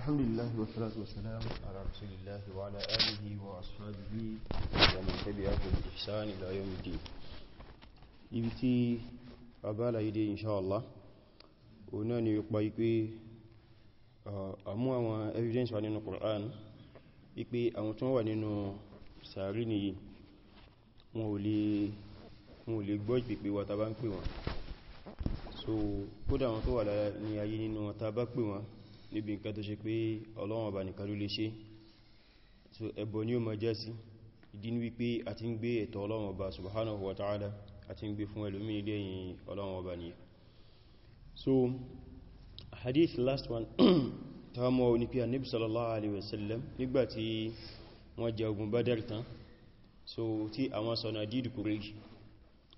الحمد لله والصلاة والسلام على رسول الله وعلى آله وأصحابه ومن تبعه بإحسان إلى يوم الدين ibi tí a bá láyé dé inṣáàlá o náà ni yípa ipé àmú àwọn evidence wà nínú Qur'an ipé àwọn tó wà nínú sàárì nìyí wọn ò lè gbọ́ ìpèpè wa tàbá ń pè wọn so kódà àwọn tó wà ní ayé nínú wọn tàbá pè wọn níbi nǹkan tó ṣe pé Ọlọ́run ọba nìkan ló lè ṣe so ẹbọ ni ó ma jẹ́ sí ìdí ní wípé a ti ń gbé ẹ̀tọ́ Ọlọ́run ọba subhanahu wa ta'ala a ti ń gbé fún ẹlòmí lẹ́yìn Ọlọ́run ọba ni so hadith last one ta mọ́ ní pé Ànábì sallallahu alaihi wasallam nígbàtí wọ́n so tí àwọn sọ̀nà dídì kúrèjì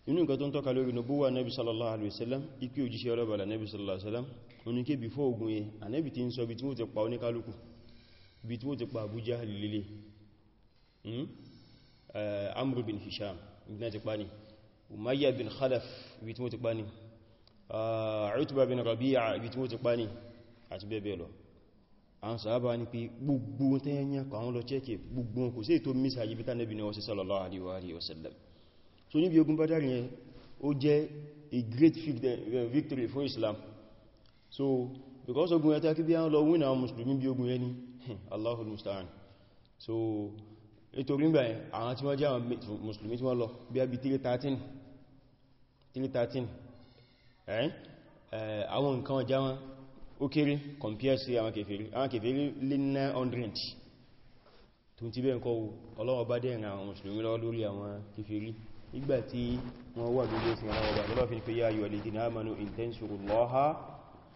inú nǹkan tó ń wasallam ikú òjíṣẹ́ ọlọ́bàlá Ànábì wasallam oníké bí fọ́ ogun yẹn ànẹ́bì tí ń sọ bí tí wọ́n ti pa oníkálùkù bí tí wọ́n ti pa Abu lílé hmm? eh, Amr bin Hisham bí náà ti pa ní Umayyah bin Khalaf bí tí wọ́n ti pa ní Utbah bin Rabi'a bí tí wọ́n ti pa ní eh, àti bẹ́ẹ̀ bẹ́ẹ̀ lọ àwọn sàábà ní pé gbogbo tẹ́yẹn pa àwọn lọ chẹ́kẹ̀ gbogbo kò sí ètò mísà yìí ni wọ́n sí a great victory fún Islam so because ogun ẹta kí bí a lọ win àwọn mùsùlùmí bí ogun ẹni Allahul musta'an so nítorí gbà àwọn tí wọ́n jẹ́ àwọn mùsùlùmí tí wọ́n lọ bí a bí 313 313 ẹ́ àwọn nǹkan ọjá wọn ó kéré compare sí àwọn kèfèrí àwọn kèfèrí lé 900 tó ti bẹ́ẹ̀ kọ́ Ọlọ́run bá dẹ̀rẹ̀ àwọn mùsùlùmí lọ lórí àwọn kèfèrí nígbàtí wọ́n wà lórí ẹ̀sìn àwọn ọba lọ́lọ́fin pé yá yọ̀ lè dìnnà mọ́nú Allah.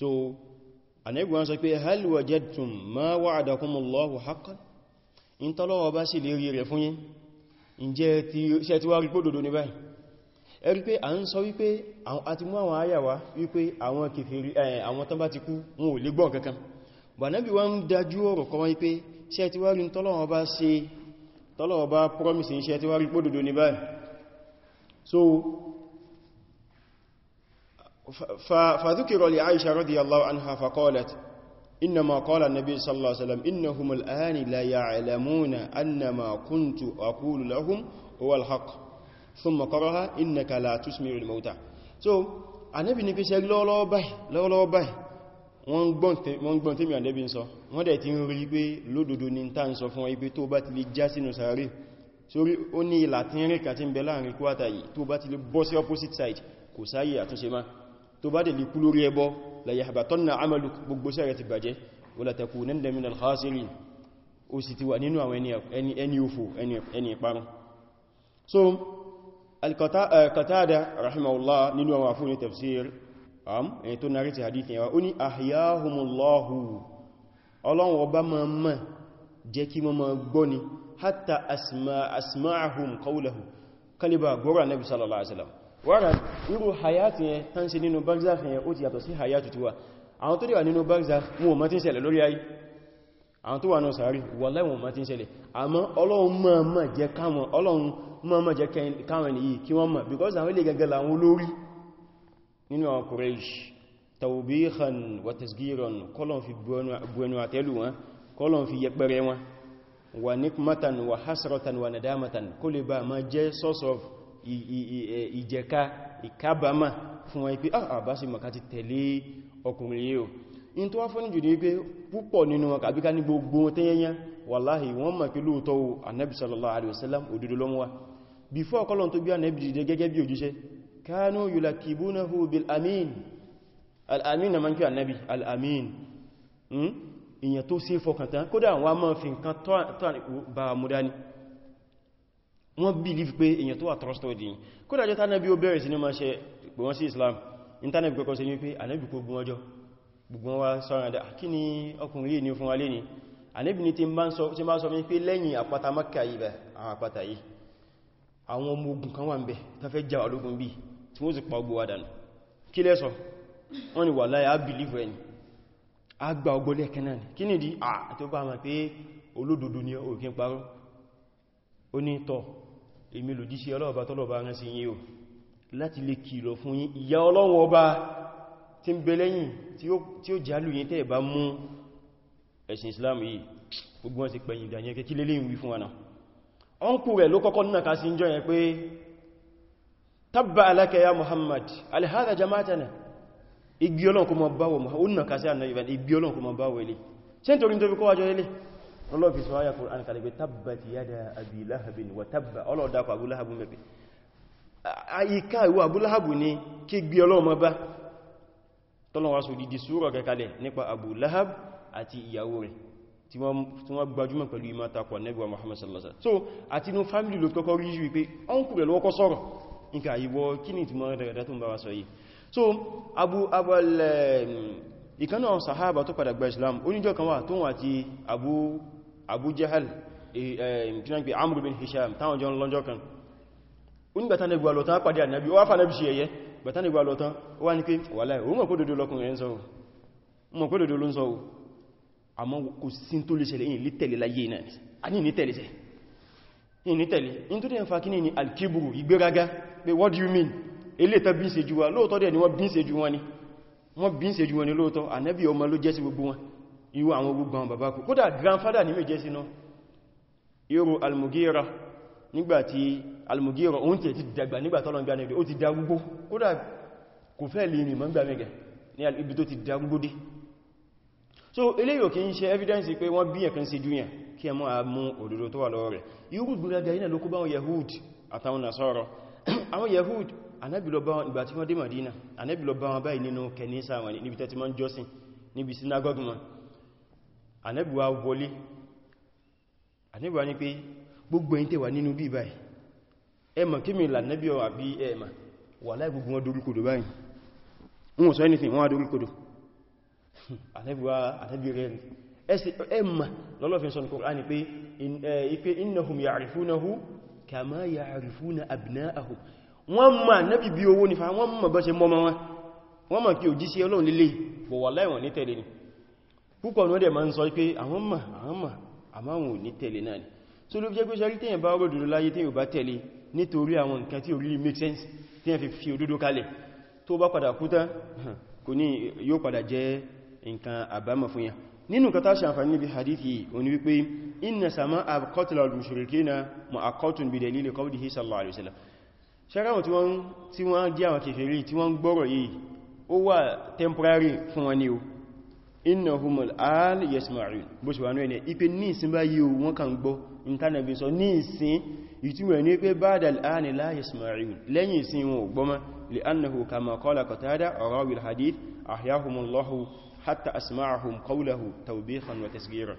so Ànábì wọ́n sọ pé hal wajadtum ma wa'adakumullahu haqqan in tọ́lọ́wọ́ bá sì lè rí rẹ̀ fún yín ǹjẹ́ ṣe ti wá rí pódòdó ní báyìí ẹ rí pé a ń sọ wípé àti mú àwọn ayàwá wípé àwọn kèfèrí àwọn tán bá ti kú wọn ò lè gbọ́ فذكر لعائشة رضي الله عنها فقالت إنما قال النبي صلى الله عليه وسلم إنهم الآن لا يعلمون أنما كنت أقول لهم هو الحق ثم قرها إنك لا تسمع الموتى so anabi ní pé ṣe lọ́wọ́lọ́wọ́ باي wọ́n gbọ́n tèmi anabi ń sọ wọ́n dẹ̀ ti ń rí pé lódodo ní tá ń sọ fún wọn ibi tó bá ti lè já sínú sàárè sórí ó ní ìlà tí ń rí kàtí ń bẹ láàrin kúwátà yìí tó bá ti lè bọ́ sí opposite side kò sáyé àtúnṣe máa tó bá dẹ̀ lè kú lórí ẹbọ la yahbatanna amaluk gbogbo sẹ́rẹ̀ ti bàjẹ́ wala takunanna minal khasirin ó sì ti wà nínú àwọn ẹni òfò ẹni ìparun so al-Qatada eh, rahimahullah nínú àwọn àfúnni tafsir am ẹni tó narí ti hadith yẹwa ó ní ahyahumullahu ọlọ́run ọba ma mọ̀ jẹ́ kí mọ́ mọ́ gbọ́ni hatta kaliba gbọ́rọ̀ nabi sallallahu alaihi wasallam wọ́nà irú hayati yẹn tán ṣe nínú barzakh yẹn ó ti yàtọ̀ sí hayati tiwa àwọn tó dẹ̀ wà nínú barzakh wọn ma ti ń ṣẹlẹ̀ lórí ayé àwọn tó wà náà sàárì wallahi wọn ma ti ń ṣẹlẹ̀ àmọ́ ọlọ́run máa because àwọn ilé gẹ́gẹ́ làwọn olórí nínú àwọn Quraysh tawbihan wa tasgiran kọlọ̀n fi buẹnu àtẹ́lù wọn kọlọ̀n fi yẹpẹrẹ wọn wa nikmatan wa hasratan wa nadamatan ma jẹ́ source of ìjẹka ìkábàmà fún wọn pé àbá sí màkà ti tẹ̀lé ọkùnrin yíò in tó wá fún jù ní pé púpọ̀ nínú wọn kàbí ní gbogbo tẹ́yẹnyẹn wàláhì wọ́n mọ̀ pé lóòtọ́ anẹ́bì sallallahu alaihi wasallam òdúdó before Ọlọ́run tó bí anẹ́bì jìdẹ gẹ́gẹ́ bí òjíṣẹ́ kánú yulakibunahu bil amin al-amin na man kí anẹ́bì al-amin hmm? ìyẹn tó sí wọ́n believe pé èyàn tó wà trustworthy kódà jọ tánàbí ó bẹ̀rẹ̀ sí ní máa ṣe pè wọ́n sí Islam intanẹ̀bí kọ́kọ́ sí ní pé ànábì kó gún ọjọ́ gbogbo wa sọ́rọ̀dá ah, kí ni ọkùnrin yìí ní fún wa ni ní ànábì ní tí máa sọ mí pé lẹ́yìn àpáta Mákà yìí bẹ̀ àwọn àpáta yìí àwọn believe ẹni á gba ọgbọ́lẹ̀ kẹ́nà ni kí nìdí ah, àtọ́bà máa pé olódodo ni òkè parọ́ ó èmi lòjíṣẹ́ ọlọ́ọ̀bá tọ́lọ̀bá rán sí yín o láti lè kìlọ̀ fún yín ìyà ọlọ́run ọba tí ń bẹ lẹ́yìn tí ó jálù yín tẹ́ẹ̀ bá mú ẹ̀sìn Islam yìí gbogbo wọn sì pẹ̀yìn ìdànyẹ́ kí lélé ìwí fún wọn ọ̀nkù rẹ̀ ló kọ́kọ́ nínà ká sí jọ yẹn pé tabba alaka ya Muhammad alihada jama'atana igi ọlọ́run kó mọ báwọ̀ ilé ṣe nítorí nítorí kọ́wàjọ́ ilé lọ́lọ́ fi sọ́yà kùrán kàlẹ̀gbẹ̀ tabbati yada abi lahabin wa tabba ọlọ́dàkọ̀ abúláhàbù mẹ́bẹ̀ àyíká ìwọ abúláhàbù ni kí gbí ọlọ́mọ bá tọ́lọ́wà sọ dìdì súrọ̀ kẹkalẹ̀ nípa abúláhàbù àti ìyàwó rẹ̀ tí wọ́n gbajúmọ̀ pẹ̀lú ìmátakọ̀ nẹ́bíwa Muhammad sallallahu alaihi wasallam so àti inú fámílì ló kọ́kọ́ rí jù wípé ọ́nkù rẹ̀ lọ́kọ́ sọ̀rọ̀ nǹkan àyíwọ́ kí so abu abal ìkanú àwọn sahaba tó padà gba Islam oníjọ́ kan wà tó abu Abu Jahal ìdínàgbé eh, eh, Amr bin Hisham táwọn jọ lọ́jọ́ kan onígbàtà ní gbà lọ́tán pàdé ànábí wá fànábí sí ẹyẹ gbàtà ní gbà lọ́tán wá ní pé wàláhì òun mọ̀ pé dòdó lọ́kùnrin ń sọ àmọ́ kò sí tó lè ṣẹlẹ̀ yìí lítẹ̀lé láyé ni a ní nítẹ̀lé ṣe what do you mean ilé ta bí ń ṣe jù wa lóòtọ́ dẹ̀ ni wọ́n bí ń ṣe jù wọn ni lóòtọ́ ànábì ọmọ ló jẹ́ sí gbogbo wọn irú àwọn gbogbo àwọn kódà grandfather ní méje sínú irú almugira nígbàtí almugira oun tẹ̀ ti dàgbà nígbà tọ́lọ̀ gbà nẹ́bẹ̀ ó ti dá gbogbo kódà kò fẹ́ lè rìn mọ́gbà mẹ́gẹ̀ ní ibi tó ti dá gbogbo dé so eléyò kí ń evidence pé wọ́n bí ẹ̀kan sí júyà kí ẹ a mú òdòdó tó wà lọ́wọ́ rẹ̀ irú gbogbo iná níbi tẹ́tí wọn anẹ́bùwa wọlé anẹ́bùwa ní pé gbogbo ẹ̀yin tẹ́ wà nínú bí báyìí ẹmọ̀ kí mi là nẹ́bí ọ àbí ẹmà wà láì gbogbo wọn dorí kodò báyìí wọn sọ anything wọn dorí kodò anẹ́bùwa anẹ́bì rẹ̀ ẹmà lọ́lọ́fin sọ Kùránì pé innahum ya'rifunahu kama ya'rifuna abna'ahum wọ́n ma nẹ́bì bí owó nífà wọ́n púpọ̀ ní ọdẹ̀ ma ń sọ pé àwọn mà àwọn mà àmáwọn ní tẹ̀lé náà ni so ló jẹ́ pé ṣarí tẹ́yìn bá ọgbọ̀dọ̀ láyé tẹ́yìn bá tẹ̀lé nítorí àwọn nǹkan tí orí make sense tẹ́yìn fi fi òdodo kalẹ̀ tó bá padà kúta kò ní yóò padà jẹ́ nǹkan àbámọ̀ fún yà nínú kata ṣàǹfàní níbi hadithi oní wípé inna sama a kọtula al-mushrikina ma a kọtun bi dalili qawlihi sallallahu alaihi wasallam ṣaráwọn tí wọ́n jẹ́ àwọn kèfèrí tí wọ́n gbọ́rọ̀ yìí temporary fún inna humul al yasma'un bó ṣe wà ní ẹni ipé ní ìsin bá yíò wọ́n kàn gbọ́ ìntànàbí sọ ní ìsin ìtumọ̀ ní pé ba'da al-an la yasma'un lẹ́yìn ìsin wọn ò gbọ́ mọ́ li'annahu kama qala qatada rawi al-hadith ahyahumullahu hatta asma'ahum qawlahu tawbihan wa tasghira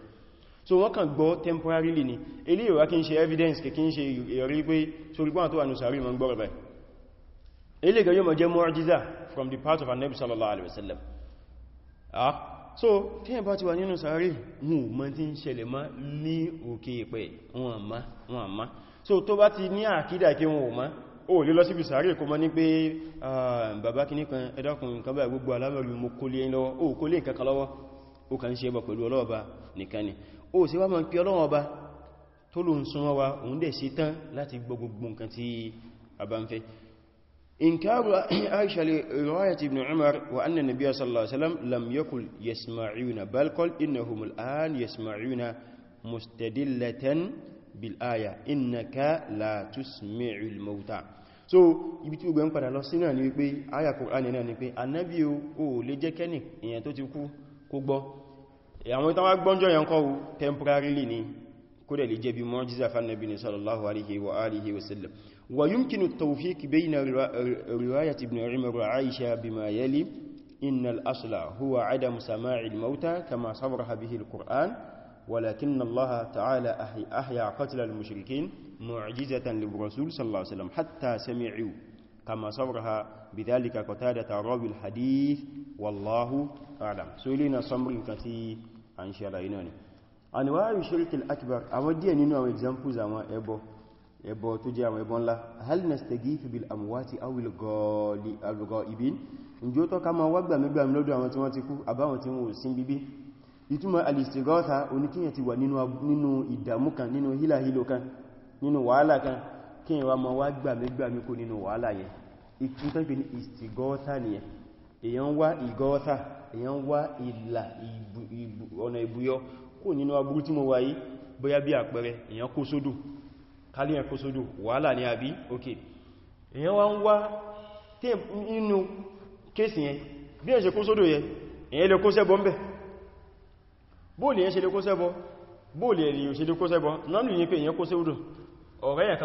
so wọ́n kàn gbọ́ temporarily ni ilé ìwà kí n ṣe evidence kí n ṣe ìyọrí pé sórí pọ́n tó wà ní sàárì mọ́ gbọ́rọ̀ báyìí ilé ìgbẹ̀yọ́ mọ̀ jẹ́ mu'jiza from the part of annabi sallallahu alaihi wasallam ah so tí ẹ bá ti wà nínú sàárè wọn ò mọ̀ tí ń ṣẹlẹ̀ mọ́ ní òkè ìpẹ̀ wọn àmá so tó bá ti ní àkídà kí wọn ò mọ̀ ó lè lọ síbi sàárè kó mọ́ ní pé bàbá kìíní kan ẹ dákun nǹkan báyìí gbogbo alámọ̀rí mo kó lé lọ́wọ́ ó kó lé nǹkan kan lọ́wọ́ ó wa òun dẹ̀ sí tán láti gbogbo إنكار عائشة لرواية ابن عمر وأن النبي صلى الله عليه وسلم لم يقل يسمعون بل قل إنهم الآن يسمعون مستدلة بالآية إنك لا تسمع الموتى so ibi tí ogun padà lọ sí náà ni wípé àyà Kùránì náà ni pé anábí o lè jẹ́ kẹ́ni èyàn tó ti kú kó gbọ́ àwọn ìtàwà gbọ́njọ́ yẹn kọ́ temporarily ni kó dẹ̀ lè jẹ́ bí mu'jiza fánàbí ni sallallahu alaihi wa alihi wasallam ويمكن التوفيق بين رواية ابن عمر وعائشة بما يلي إن الأصل هو عدم سماع الموتى كما صبرها به القرآن ولكن الله تعالى أحيا قتل المشركين معجزة للرسول صلى الله عليه وسلم حتى سمعوا كما صبرها بذلك قتادة رب الحديث والله أعلم سؤالنا صبر كثير عن شرعيناني أنواع الشرك الأكبر أودي أن نوع examples أما إبو ẹbọ tó jẹ́ àwọn ẹbọ ńlá hal nastagifu bil amwati awil gọ́ọ̀lì al-ghaibin ìjó tó ká ma wá gbàmígbàmí lọ́dọ̀ àwọn tí wọ́n ti kú àbáwọn tí wọ́n sin bíbí ìtumọ̀ al-istighatha oníkíyàn ti wà nínú ìdàmú kan nínú hílàhílò kan nínú wàhálà kan kíyàn wá ma wá gbàmígbàmí kó nínú wàhálà yẹn ìtúntàgbé ní istighatha nìyẹn èyàn wá ìgọ́ọ́ta èyàn wá ìlà ọ̀nà ìbúyọ kó nínú aburú tí mo bóyá bí àpẹẹrẹ èyàn kó sódò kálíyàn kó sódò wàhálà ní àbí òkè èyàn wá ń wá tí inú kéèsì yẹn bí ẹ̀ ṣe kó sódò yẹn èyàn lè kó sẹ́bọ̀ ń bẹ̀ bóòlì yẹn ṣe lè kó sẹ́bọ̀ bóòlì ẹ̀rì ò ṣe lè kó sẹ́bọ̀ nánú yẹn pé èyàn kó sódò ọ̀rẹ́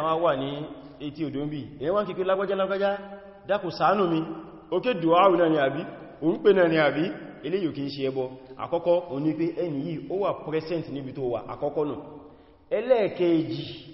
yẹn mi ókè dùáwù náà ni àbí òun pè náà ni àbí eléyìí kì í ṣe ẹbọ àkọ́kọ́ òní pé ẹni yìí ó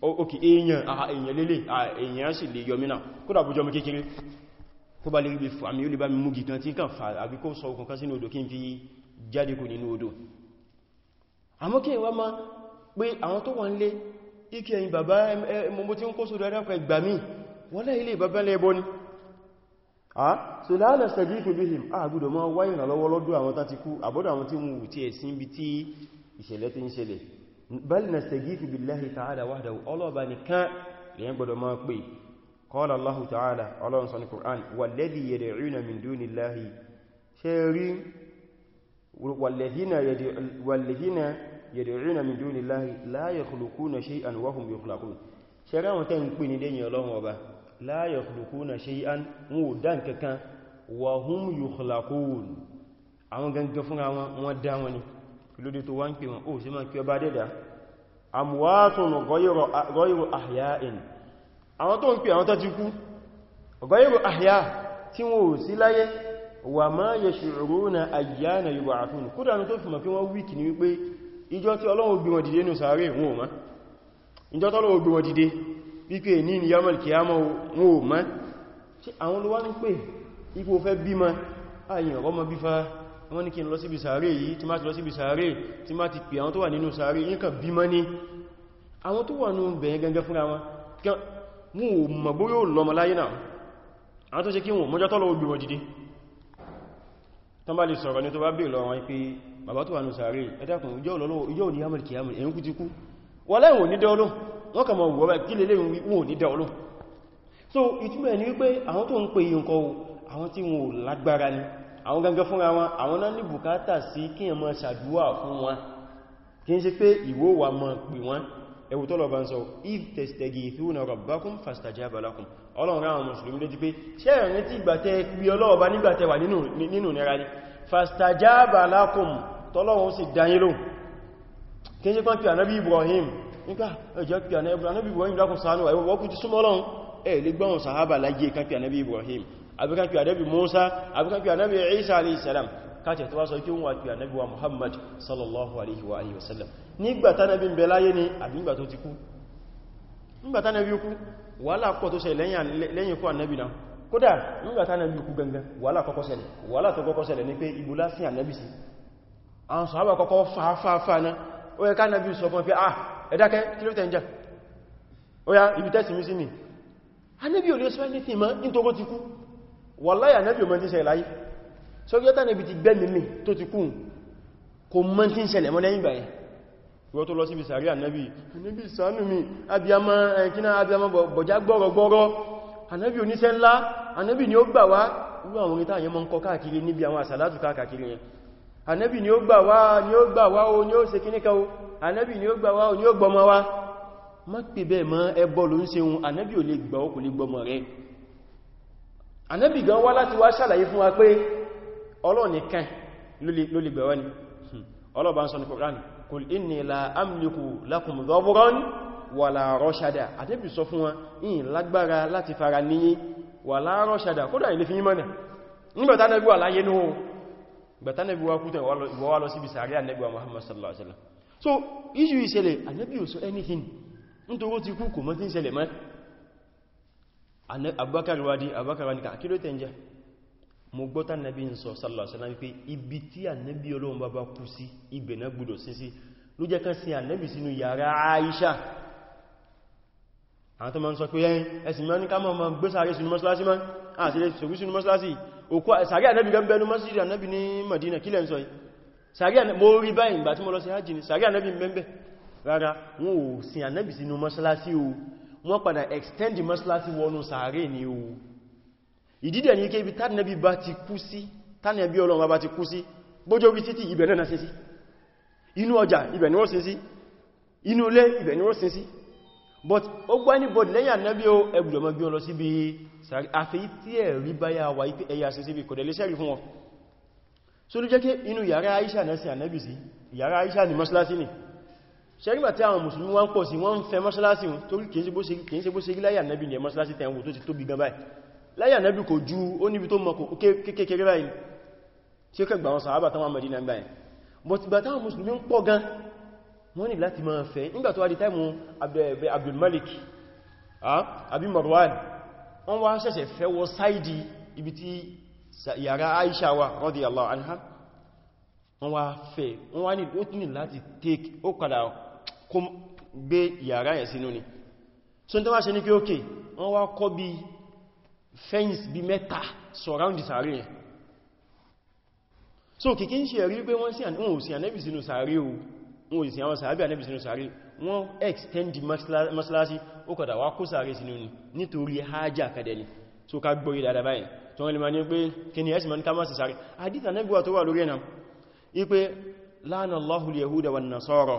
òkè èèyàn èèyàn lélẹ̀ èèyàn sì lè yọmínà kódà bójọ́ mú kékeré kó bá lè rí bí àmì ó lè bá mi mú gìkan tí kàn fà àbí kó sọ okùn kan sínú odò kí n fi jáde kò nínú odò àmọ́ kí wá máa pé àwọn a so láàrín sẹ́jú ìfẹ́bíhìm àgbùdọ̀ máa wáyìnà lọ́wọ́ lọ́dọ̀ àwọn tàti kú àbọ́dọ̀ àwọn tí mú ti ẹ̀sìn bí tí ìṣẹ̀lẹ̀ ti ń ṣẹlẹ̀ bal nastajifu billahi ta'ala wahdahu ọlọ́ọ̀bá nìkan lèyàn gbọdọ̀ máa pè qala Allahu ta'ala ọlọ́run sọ ní Qur'an walladhi yad'una min dunillahi ṣe rí walladhina yad'una min dunillahi la yakhluquna shay'an wa hum yukhlaqun ṣe ráwọn tẹ́ ń pè ní dẹ́yìn ọlọ́run ọba la yakhluquna shay'an wọn ò dá nǹkankan lóde tó wá ń pè wọn ó sí máa kí ọba dẹ́dà amwatun ghayru ahya'in àwọn tó ń pè àwọn tó ti kú ghayru ahya tí wọ́n ò sí láyé wa ma yash'uruna ayyana yub'athun kódà ní tó fi mọ̀ kí wọ́n wíkì ní wípé ìjọ tí Ọlọ́run gbé wọn dìde nù sàárè wọn ò mọ̀ ìjọ tí Ọlọ́run gbé ni yamal kiyama wọn ò mọ̀ tí àwọn olówá ní pé ipò fẹ́ bímọ ayìn ọ̀rọ̀ mọ́ bífá wọ́n ní kí n lọ síbi sàárè yìí tí má ti lọ síbi sàárè tí má ti pè àwọn tó wà nínú sàárè yínkà bímọ́ ní àwọn tó wà nínú bẹ̀yẹn gangan fúnra wọn mú mọ̀ bó yóò lọmọ láyé náà àwọn tó ṣe kí wọn mọ́jọ́ tọ́lọ ogbì wọn dìde tán bá lè sọ̀rọ̀ ní tó wọ́n mọ̀ wọ́n bá kí so ìtumọ̀ ni wípé àwọn tó ń pè yí àwọn gangan fúnra wọn àwọn náà ní bùkátà sí kí ẹmọ ṣàdúwà fún wọn kí n ṣe pé ìwó wà mọ̀ pè wọn ẹwù tó lọ́bàá sọ if tastaghithuna rabbakum fastajaba lakum ọlọ́run ráwọn mùsùlùmí lójú pé ṣe ẹ̀rìn tí ìgbàtẹ́ pí ọlọ́ọ̀bá nígbàtẹ́ wà nínú Ibrahim nípa ẹjọ́ pí Ibrahim lákùn sáánù ẹ̀wọ́kùn ti súnmọ́ ọlọ́run ẹ̀ lè gbọ́n sàhábà láyé Ibrahim àbíkàkí ànábì Musa àbíkàkí ànábì Isa alayhi salam káàkiri tó wá sọ kí wọ́n kí ànábì wa Muhammad sallallahu alaihi wa alihi wasallam nígbà tánábì ń bẹ láyé ni àbí nígbà tó ti kú nígbà tánábì kú wàhálà pọ̀ tó ṣẹlẹ̀ lẹ́yìn kú ànábì náà kódà nígbà tánábì kú gangan wàhálà kọ́kọ́ ṣẹlẹ̀ wàhálà tó kọ́kọ́ ṣẹlẹ̀ ni pé ibo la sin ànábì sí àwọn sàhábà kọ́kọ́ fàáfàáfà náà ó yẹ kánábì sọ fún pé ah ẹ dákẹ́ kí ló tẹ́ ń jà ó wallahi ànábì ọmọ tí ń ṣẹlẹ̀ láyé so yọ́ta níbi ti gbẹ́ mímí tó ti kún kò mọ́ tí ń ṣẹlẹ̀ mọ́ lẹ́yìn ìgbà yẹn wọ́n tó lọ sí ibi sàárì ànábì níbi ìsànú mi abiyama ẹ̀kíná abiyama bọ̀já gbọ́rọ̀gbọ́rọ̀ ànábì oníṣẹ́ ńlá ànábì ni ó gbà wá irú àwọn orin táyẹ mọ́ ń kọ káàkiri níbi àwọn àsàlátù káàkiri yẹn ànábì o ni ó o ànábì ni ó gbà ànábì gan wá láti wá ṣàlàyé fún wa pé Ọlọ́run nìkan ló lè gbẹ̀wọ́ ni hmm. ọlọ́bàá ń sọ ní Qur'an kul inni la amliku lakum dhurran wala rashada ànábì sọ fún wa in lágbára láti fara níyí wala rashada kódà ilé fi yí mọ́nà nígbàtá nẹ́bí wà láyé ní ohun gbàtá nẹ́bí wà kútẹ̀ ìwọ́wà lọ síbi sàárẹ́ ànẹ́bí wa Muhammad sallallahu alaihi wasallam so issue ìṣẹ̀lẹ̀ ànẹ́bí ò sọ anything nítorí ó ti kú kò mọ́ tí ń ṣẹlẹ̀ mọ́ abubakar wadi abubakar wadi ká kí ló tẹ́ ń jẹ́ mo gbọ́ta nabi ń sọ sallallahu alaihi wasallam pé ibi tí ànábí olóhun bá bá kú sí ibẹ̀ náà gbọ́dọ̀ sí sí ló kan sí ànábí sínú yàrá Aisha àwọn tó ma ń sọ pé ẹyìn ẹ̀sìn mọ́ ní ká mọ́ gbé sàárè sínú mọ́sálásí mọ́ àti lè sòrí sínú mọ́sálásí òkú sàárè ànábì gan bẹnu mọ́sílì ànábì ní Madina kílẹ̀ ń sọ yìí sàárè ànábì mo rí báyìí ìgbà tí mo lọ sí hajji ni sàárè ànábì ń bẹ́ẹ̀ rárá wọn ò sin ànábì sínú mọ́sálásí o wọ́n padà extend mọ́sálásí wọnú sàárè ní owó ìdídẹ̀ ní kébí tánàbí bá ti kú sí tánàbí ọlọ́run bá ti kú sí bójó bí títí ibẹ̀ náà sínsí inú ọjà ibẹ̀ ni wọ́n sínsí inú ilé ibẹ̀ ni wọ́n sínsí but ó gbá ní bọ̀dì lẹ́yìn ànábí ó ẹgbùdọ̀ mọ́ gbé ọ lọ sí bí àfẹ́ tí ẹ̀ rí báyà wà ipé ni mọ́sálásí ni ṣẹ́gbà tí àwọn mùsùlùmí wọ́n pọ̀ sí wọ́n ń fẹ́ mọ́ṣálásí wọn torí kìí ṣe bó ṣe rí láyà nẹ́bì ní ẹ mọ́ṣálásí tẹ́wọ̀n tó ti tóbi gan báyìí láyà nẹ́bì kò ju ó níbi tó mọ̀ kékeré báyìí tí ó kẹgbà wọn sàábà tán wà Mẹ́dínà báyìí but ìgbà táwọn mùsùlùmí ń pọ̀ gan wọ́n ní láti máa fẹ́ nígbà tó wá di táìmù Abdul Malik àbí Marwan wọ́n wá ṣẹ̀ṣẹ̀ fẹ́ wọ sáìdì ibi tí yàrá Aisha wà radiyallahu anha wọ́n wá fẹ́ wọ́n wá ní láti take ó kó gbé yàrá yẹn sínú ni so n tó wá ṣe ní kí ókè wọ́n wá kọ́ bí fẹ́ǹsì bí mẹ́ta surround sàárì yẹn so kìkí ń ṣe rí pé wọ́n sí ànẹ́bì sínú sàárì o wọ́n sí àwọn sàábì ànẹ́bì sínú sàárì wọ́n extend mọ́sálásí ó kọ̀dà wá kó sàárì sínú ni nítorí hajjá kadẹ̀ so ká gbórí dáadáa báyìí tó wọ́n lè máa ní pé kí ni ẹ̀sìn mọ́ ní ká máa nasara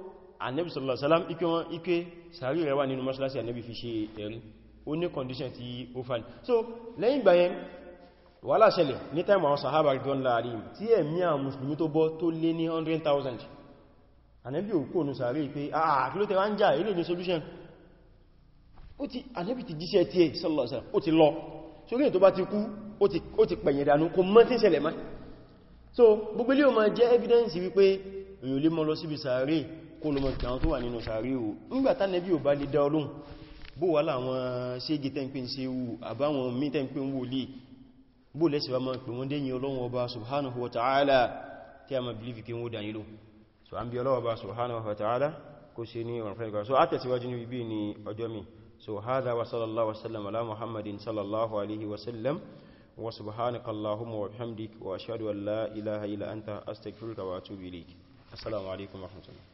annabi sallallahu alaihi wasallam ike wọn ike sàárì rẹ̀ wà nínú mọ́ṣálásí annabi fi ṣe ẹ̀rí ó ní condition tí ó fà ní so lẹ́yìn ìgbà yẹn wàhálà ṣẹlẹ̀ ní time àwọn sahaba ridwan láàrin tí ẹ̀mí àwọn musulmi tó bọ́ tó lé ní 100,000 annabi ò kóònù sàárì pé àà kí ló tẹ́wà ń jà ilé ní solution ó ti annabi ti jíṣẹ́ tí ẹ sallallahu alaihi wasallam ó ti lọ sórí tó bá ti kú ó ti pẹ̀yìn dànù kò mọ́ tí ṣẹlẹ̀ má so gbogbo ilé ó máa jẹ́ evidence wípé èyàn lè mọ́ lọ síbi sàárè kó lọ mọ̀ kí àwọn tó wà nínú sàárè o nígbàtá nẹ́bí ò bá lè dá ọlóhun bó wà láwọn ségi tẹ́ǹpé ń se wù àbáwọn mí tẹ́ǹpé ń wò lè bó lẹ́sẹ̀ wá mọ́ pé wọ́n dẹ́yìn ọlọ́run ọba subhanahu wa ta'ala tí a ma believe kí wọ́n dà nílò so an bí ọlọ́run ọba subhanahu wa ta'ala kó se ní ọ̀rọ̀ fẹ́gbà so a tẹ̀síwájú ní ibi السلام عليكم ورحمة الله